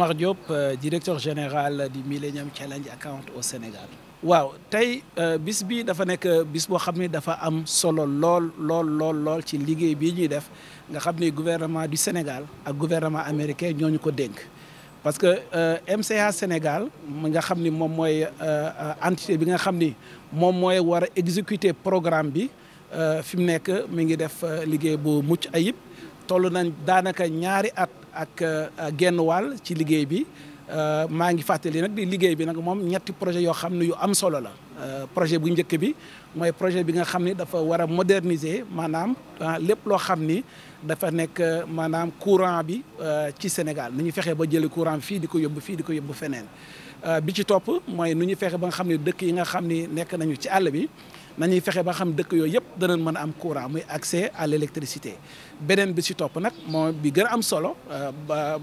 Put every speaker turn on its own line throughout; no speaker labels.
Oumar Diop euh, directeur général du Millennium Challenge Account au Sénégal. waaw tey euh, bis bi dafa nekk bis boo xam ne dafa am solo lool lool lool lool ci liggéey bii ñuy def nga xam ne gouvernement du Sénégal ak gouvernement américain ñoo ñu ko dénk. parce que euh, MCA Sénégal mi nga xam ni moom mooy entité bi nga xam ni moom mooy war a programme bi fi mu nekk mu ngi def liggéey bu mucc ayib toll nañ daanaka ñaari at. Euh, ak genn wàll ci liggéey bi euh, maa ngi fàttali nag di liggéey bi nag moom ñetti projet yoo xam ne yu am solo la euh, projet bu njëkk bi mooy projet bi nga xam ni dafa war a moderniser maanaam lépp loo xam ni dafa nekk maanaam courant bi ci Sénégal nu ñu fexe ba jëlee courant bi fii di ko yóbbu fii di ko yóbbu feneen bi ci topp mooy nu ñu fexe ba nga xam ne dëkk yi nga xam ni nekk nañu ci àll bi nañuy fexe ba xam dëkk yooyu yëpp danañ mën a am courant muy accès à l' beneen bi si topp nag moo bi gën a am solo euh,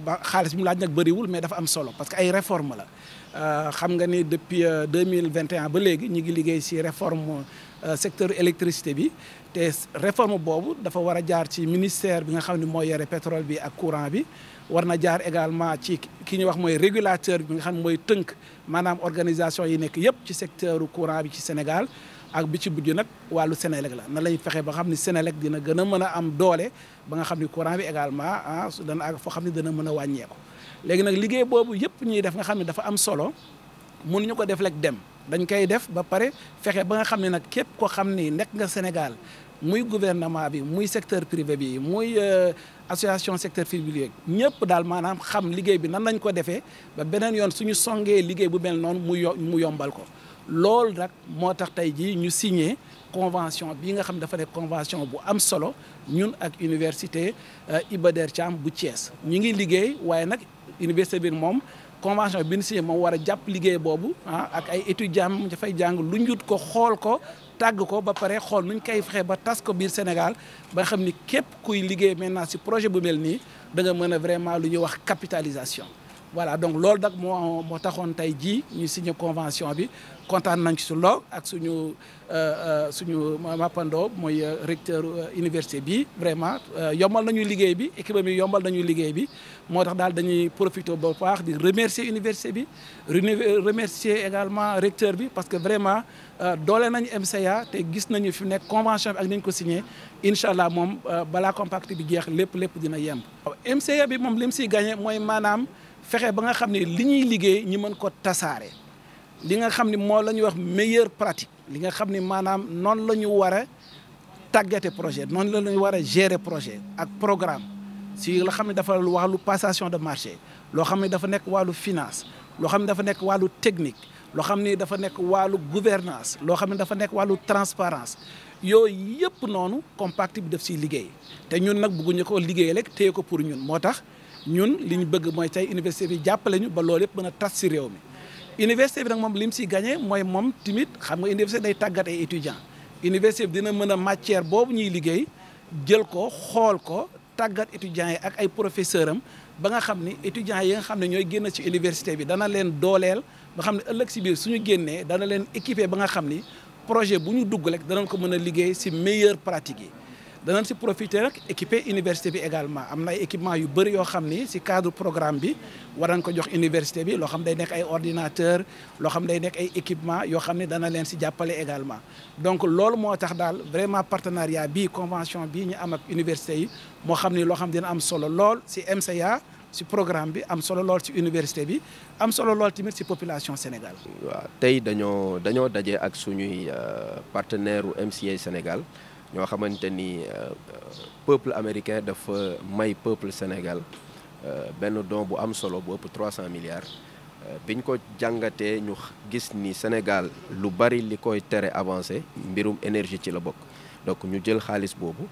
ba xaalis bi mu laaj nag bëriwul mais dafa am solo parce que ay réforme la euh, xam nga ni depuis euh, deux mille vingt et ba léegi ñu ngi liggéey si réforme secteur électricité bi te réforme boobu dafa war a jaar ci ministère bi nga xam ne moo yore pétrole bi ak courant bi war na jaar également ci ki ñuy wax mooy régulateur bi nga xam ne mooy tënk maanaam organisation yi nekk yëpp ci secteur courant bi ci Sénégal ak bi ci bujj nag wàllu Sénélec la na lay fexe ba xam ni Sénélec dina gën a mën a am doole ba nga xam ni courant bi également ah su dana ak foo xam ni dana mën a wàññeeku léegi nag liggéey boobu yëpp ñuy def nga xam ne dafa am solo mënuñu ko def rek dem dañ koy def ba pare fexe ba nga xam ne nag képp koo xam ni nekk nga Sénégal muy gouvernement bi muy secteur privé bi muy euh, association secteur privé ñëpp daal maanaam xam liggéey bi nan lañ ko defee ba beneen yoon su suñu songee liggéey bu mel noonu mu mu yombal ko loolu nag moo tax tey jii ñu signé convention bi nga xam dafa ne convention bu am solo ñun ak université euh, Iba Der bu Thiès ñu ngi liggéey waaye nag université bi moom convention bi nu signé moom war a jàpp liggéey boobu ah ak ay étudiants am dafay jàng lu njut ko xool ko tàgg ko ba pare xool nuñ koy fexe ba tas ko biir Sénégal ba xam ni képp kuy liggéey maintenant si projet bu mel nii danga mën a vraiment lu ñuy wax capitalisation voilà donc loolu nag moo moo taxoon tey jii ñu signé convention bi kontaan nañ ci lool ak suñu euh, euh, suñu mappandoo mooy euh, recteur université bi vraiment yombal nañu liggéey bi équipe bi yombal nañu liggéey bi moo tax daal dañuy profité ba paax di remercier université bi remercier également recteur bi parce que vraiment doole nañ MCA te gis nañu fi nekk convention bi ak nañ ko signé incha allah moom balaa compact bi jeex lépp lépp dina yemb. MCA bi moom li mu siy mooy maanaam. fexe ba nga xam ne li ñuy liggéey ñi man ko tasaare li nga xam ni moo la ñuy wax meilleure pratique li nga xam ne maanaam noonu la ñu war a tàggate projet noonu la ñu war a gérer projet ak programme si la xam ne dafa wàllu passation de marché loo xam ne dafa nekk wàllu finance loo xam ne dafa nekk wàllu technique loo xam ne dafa nekk wàllu gouvernance loo xam ne dafa nekk wàllu transparence yooyu yëpp noonu compact bi def siy liggéey te ñun nag bëgguñu ko liggéey rek téye ko pour ñun moo tax ñun li ñu bëgg mooy tey université bi jàppale ñu ba loolu yëpp mën a tas si réew mi université bi nag moom li mu siy gagné mooy moom timit xam nga université day tàggat ay étudiants université bi dina mën a matière boobu ñuy liggéey jël ko xool ko tàggat étudiants yi ak ay professeur am ba nga xam ni étudiants yi nga xam ne ñooy génn ci université bi dana leen dooleel ba xam ne ëllëg si biir suñu génnee dana leen équipé ba nga xam ni projet bu ñu dugg rek danañ ko mën a liggéey si meilleure pratique yi danañ si profiter rek équiper université bi également am na ay équipement yu bëri yoo xam ni si cadre programme bi war nañ ko jox université bi loo xam day nekk ay ordinateur loo xam day nekk ay équipement yoo xam ne dana leen si jàppale également donc loolu moo tax daal vraiment partenariat bi convention bi ñu am ak université yi moo xam ni loo xam dina am solo lool si MCA si programme bi am solo lool si université bi am solo lool tamit si population Sénégal.
waaw tey dañoo dañoo daje ak suñuy euh, partenaire u MCA Sénégal ñoo xamante ni euh, euh, peuple américain dafa may peuple Sénégal euh, benn don bu am solo bu ëpp 300 milliards biñ ko jàngatee ñu gis ni Sénégal lu bari li koy tere avancé mbirum énergie ci la bokk donc ñu jël xaalis boobu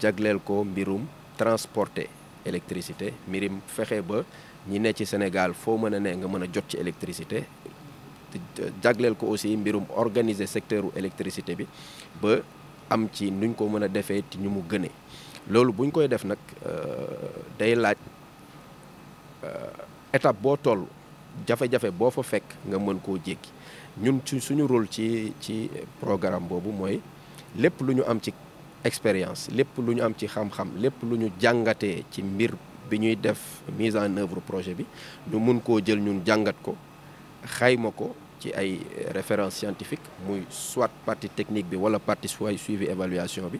jagleel ko mbirum transporter électricité mbirum fexe ba ñi ne ci Sénégal foo mën a ne nga mën a jot ci électricité jagleel ko aussi mbirum organiser secteur électricité bi am ci nuñ ko mën a defee ti ñu mu gëne loolu buñ koy def nag euh, day laaj euh, étape boo toll jafe-jafe boo fa fekk nga mën koo jéggi ñun ci suñu rôle ci ci programme boobu mooy lépp lu ñu am ci expérience lépp lu ñu am ci xam-xam lépp lu ñu jàngatee ci mbir bi ñuy def mise en œuvre projet bi ñu mun koo jël ñun jàngat ko xayma ko ci ay euh, références scientifiques muy soit partie technique bi wala partie soit suivi évaluation bi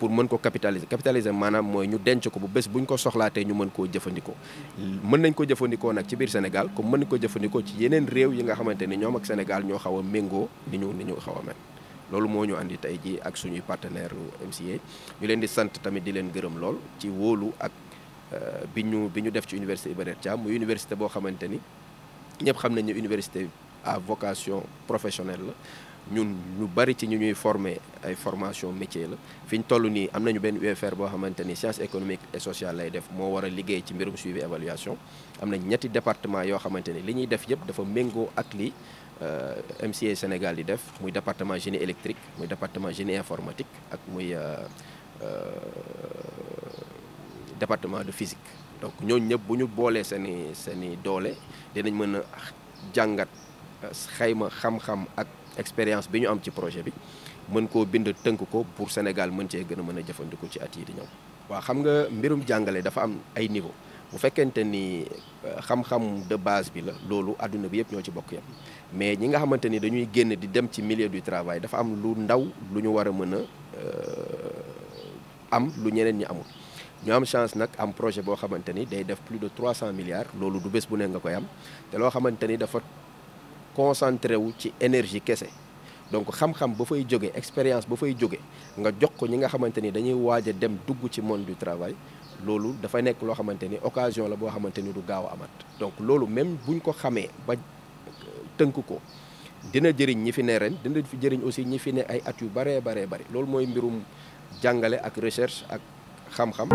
pour mën ko capitaliser capitaliser maanaam mooy ñu denc ko bu bés bu ñu ko soxlaatee ñu mën koo jëfandikoo. mën nañ ko jëfandikoo nag ci biir Sénégal comme mën nañ ko jëfandikoo ci yeneen réew yi nga xamante ni ñoom ak Sénégal ñoo xaw a méngoo ni ñu ni ñu xaw a mel. loolu moo ñu indi tey jii ak suñuy partenaire MCA ñu leen di sant tamit di leen gërëm lool ci wóolu ak euh, bi ñu bi ñu def ci université Iba Der université boo xamante ni ñëpp xam nañu université à vocation professionnelle la ñun ñu bari ci ñu ñuy former ay formation métier la fi ñu toll nii am nañu benn UFR boo xamante ni science économique et sociale lay def moo war a liggéey ci mbirum suivi évaluation am na ñetti département yoo xamante ni li ñuy def yëpp dafa méngoo ak li euh, MCA Sénégal di def muy département génie électrique muy département génie informatique ak muy euh, euh, département de physique donc ñooñu ñëpp bu ñu boolee seeni seeni doole dinañ mën a jàngat. xayma xam-xam ak expérience bi ñu am ci projet bi mën koo bind tënk ko pour Sénégal mën cee gën a mën a jëfandikoo ci at yi di ñëw. waaw xam nga mbirum jàngale dafa am ay niveau bu fekkente ni euh, xam-xam de base bi la loolu àdduna bi yëpp ñoo ci bokk yam mais ñi nga xamante ni dañuy génn di dem ci milieu du travail dafa am lu ndaw lu ñu war a mën a euh, am lu ñeneen ñi amul. ñu am chance nag am projet boo xamante ni day def plus de trois 300 milliards loolu du bés bu ne nga koy am loo concentré wu ci énergie kese donc xam-xam ba fay jóge expérience ba fay jóge nga jox ko ñi nga xamante ni dañuy waaj a dem dugg ci monde du travail loolu dafa nekk loo xamante ni occasion la boo xamante ni du gaaw a amat donc loolu même buñ ko xamee ba euh, tënk ko dina jëriñ ñi fi ne ren dina fi jëriñ aussi ñi fi ne ay at yu baree baree bari loolu mooy mbirum jàngale ak recherche ak xam-xam